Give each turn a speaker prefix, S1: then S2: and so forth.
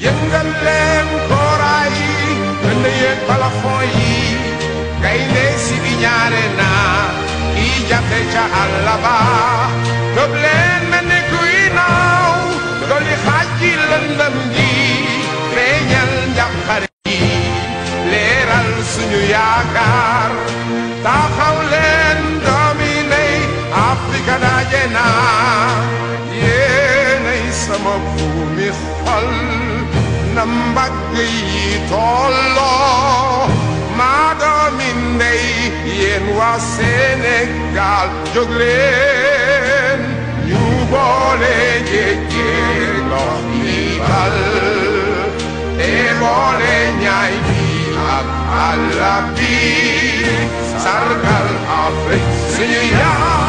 S1: yëngal leen kooraa yi gën a yéeg balafon
S2: si bi ñaare naa kii jafe ca àll ba leen mel ni kuy naaw doli lëndëm gi feeñal njàqare yi leeral suñu yaakaar taxaw leen doomi ndey Afrika daje naa na mbagg yi tolloo maa doomi ndey yéen waa Sénégal jóg leen ñu boole jéggee lox bi bal te boole ñaay bi ak àll bi
S1: sargal Afrique suñu yaa